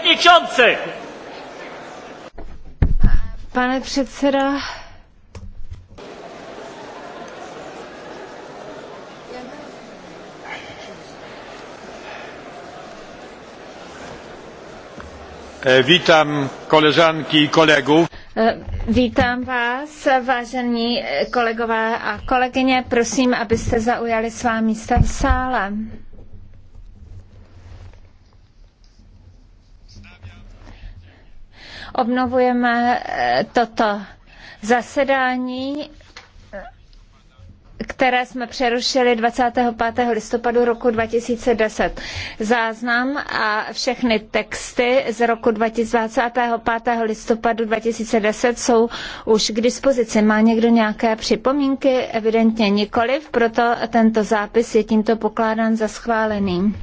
przewodniczący! Pane předseda. E, Vítám koleżanki i kolegów. Vítám e, vás, vážení e, kolegové a kolegyně. Prosím, abyste zaujali svá místa v sále. Obnovujeme eh, toto zasedání které jsme přerušili 25. listopadu roku 2010. Záznam a všechny texty z roku 25. listopadu 2010 jsou už k dispozici. Má někdo nějaké připomínky? Evidentně nikoliv, proto tento zápis je tímto pokládán za schválený.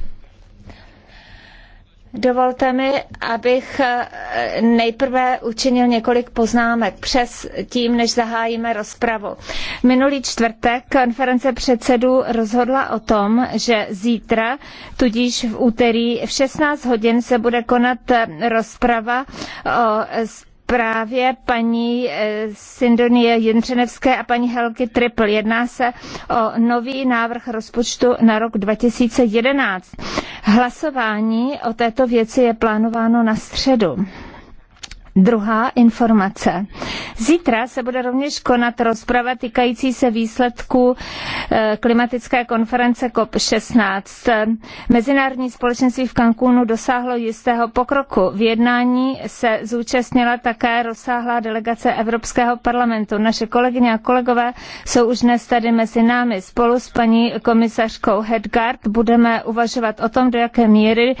Dovolte mi, abych eh, nejprve učinil několik poznámek přes tím, než zahájíme rozpravu. Minulý čtvrtek konference předsedů rozhodla o tom, že zítra, tudíž v úterý v 16 hodin se bude konat eh, rozprava o právě paní eh, Sindonie Jindřenevské a paní Helky Triple. Jedná se o nový návrh rozpočtu na rok 2011. Hlasování o této věci je plánováno na středu. Druhá informace. Zítra se bude rovněž konat rozprava týkající se výsledků eh, klimatické konference COP16. Mezinárodní společenství v Cancúnu dosáhlo jistého pokroku. V jednání se zúčastnila také rozsáhlá delegace Evropského parlamentu. Naše kolegyně a kolegové jsou už dnes tady mezi námi. Spolu s paní komisařkou Hedgard budeme uvažovat o tom, do jaké míry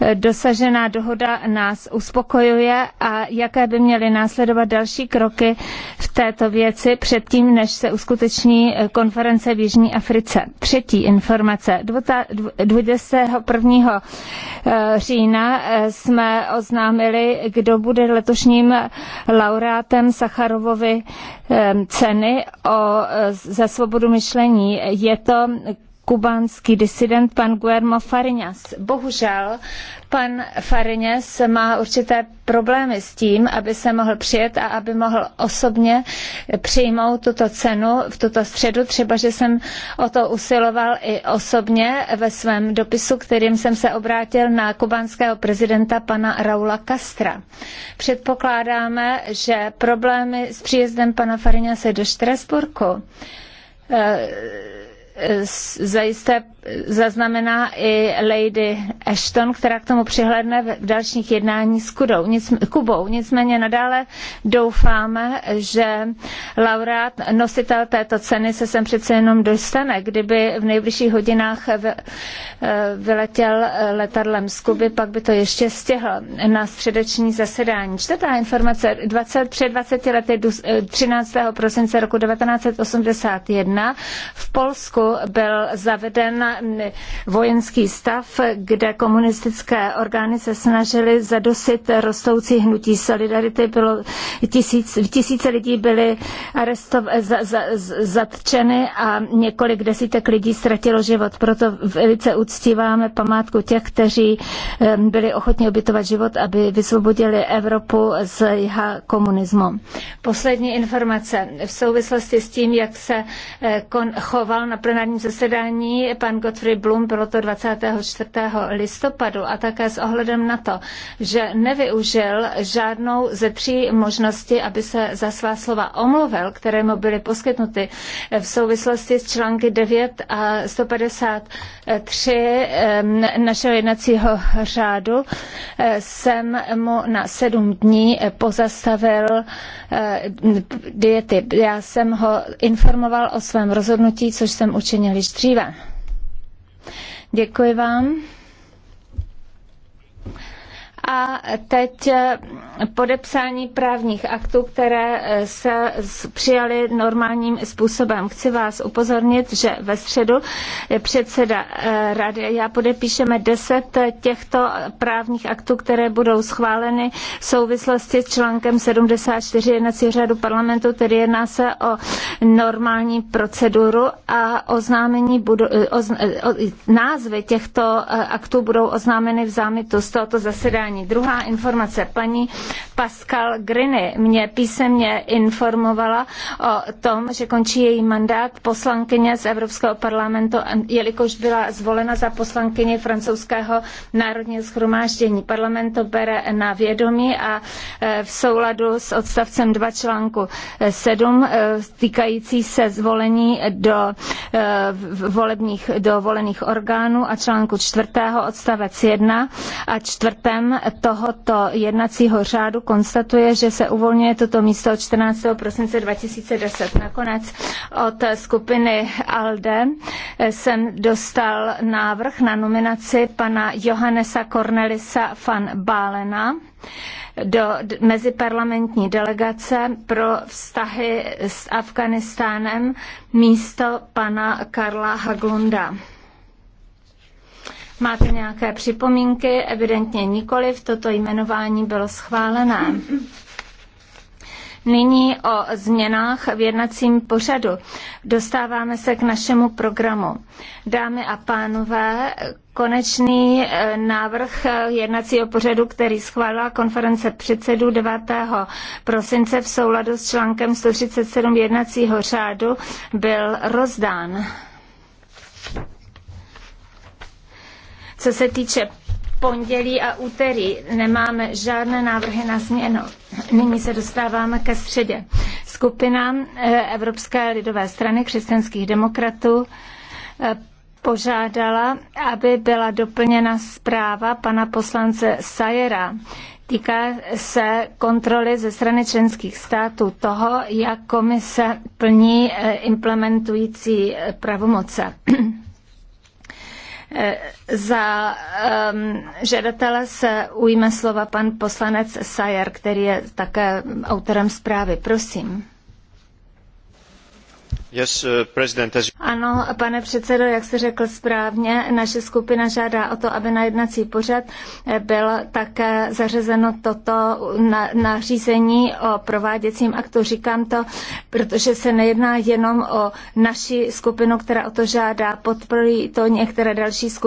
eh, dosažená dohoda nás uspokojuje a jaké by měly následovat další kroky kroky v této věci předtím, než se uskuteční eh, konference v Jižní Africe. Třetí informace. 21. Eh, října eh, jsme oznámili, kdo bude letošním laureátem Sacharovovy ceny o, za svobodu myšlení. Je to kubánský disident pan Guillermo Fariñas. Bohužel pan Fariñas má určité problémy s tím, aby se mohl přijet a aby mohl osobně přijmout tuto cenu v tuto středu, třeba že jsem o to usiloval i osobně ve svém dopisu, kterým jsem se obrátil na kubánského prezidenta pana Raula Castra. Předpokládáme, že problémy s příjezdem pana Fariňase do Štrasburku eh, zajisté zaznamená i Lady Ashton, která k tomu přihledne v dalších jednání s Kudou, Kubou. Nicméně nadále doufáme, že laureát, nositel této ceny se sem přece jenom dostane. Kdyby v nejbližších hodinách eh, vyletěl letadlem z Kuby, pak by to ještě stihl na středeční zasedání. Čtvrtá informace. 20, před 20 lety 13. Eh, prosince roku 1981 v Polsku byl zaveden vojenský stav, kde komunistické orgány se snažily zadosit rostoucí hnutí solidarity. Bylo tisíc, tisíce lidí byly arestov, za, za, zatčeny a několik desítek lidí ztratilo život. Proto velice uctíváme památku těch, kteří byli ochotni obětovat život, aby vysvobodili Evropu z jha komunismu. Poslední informace v souvislosti s tím, jak se eh, choval na plen plenárním zasedání pan Gottfried Blum, bylo to 24. listopadu a také s ohledem na to, že nevyužil žádnou ze tří možností, aby se za svá slova omluvil, které mu byly poskytnuty v souvislosti s články 9 a 153 našeho jednacího řádu, jsem mu na sedm dní pozastavil eh, diety. Já jsem ho informoval o svém rozhodnutí, což jsem učinil učinili již dříve. Děkuji vám a teď eh, podepsání právních aktů, které eh, se přijaly normálním způsobem. Chci vás upozornit, že ve středu předseda eh, rady já podepíšeme deset těchto právních aktů, které budou schváleny v souvislosti s článkem 74 jednacího řádu parlamentu, tedy jedná se o normální proceduru a oznámení budu, ozn, o, názvy těchto aktů budou oznámeny v zámitu z tohoto zasedání hlasování. Druhá informace. Paní Pascal Griny mě písemně informovala o tom, že končí její mandát poslankyně z Evropského parlamentu, jelikož byla zvolena za poslankyni francouzského národního schromáždění. Parlament to bere na vědomí a e, v souladu s odstavcem 2 článku 7 e, e, týkající se zvolení do volebních, do volených orgánů a článku 4 odstavec 1 a čtvrtém tohoto jednacího řádu konstatuje, že se uvolňuje toto místo od 14. prosince 2010. Nakonec od skupiny ALDE jsem dostal návrh na nominaci pana Johannesa Cornelisa van Balena do meziparlamentní delegace pro vztahy s Afganistánem místo pana Karla Haglunda. Máte nějaké připomínky? Evidentně nikoliv, toto jmenování bylo schválené. Nyní o změnách v jednacím pořadu. Dostáváme se k našemu programu. Dámy a pánové, konečný eh, návrh eh, jednacího pořadu, který schválila konference předsedů 9. prosince v souladu s článkem 137 jednacího řádu, byl rozdán. Co se týče pondělí a úterý nemáme žádné návrhy na změnu. Nyní se dostáváme ke středě. Skupina eh, Evropské lidové strany křesťanských demokratů eh, požádala, aby byla doplněna zpráva pana poslance Sajera. Týká se kontroly ze strany členských států toho, jak komise plní eh, implementující pravomoce. Eh, za um, žadatele se ujme slova pan poslanec Sajer, který je také autorem zprávy. Prosím. Uh, ano, pane předsedo, jak jste řekl správně, naše skupina žádá o to, aby na jednací pořad eh, bylo také zařazeno toto nařízení o prováděcím aktu. Říkám to, protože se nejedná jenom o naši skupinu, která o to žádá, podporují to některé další skupiny.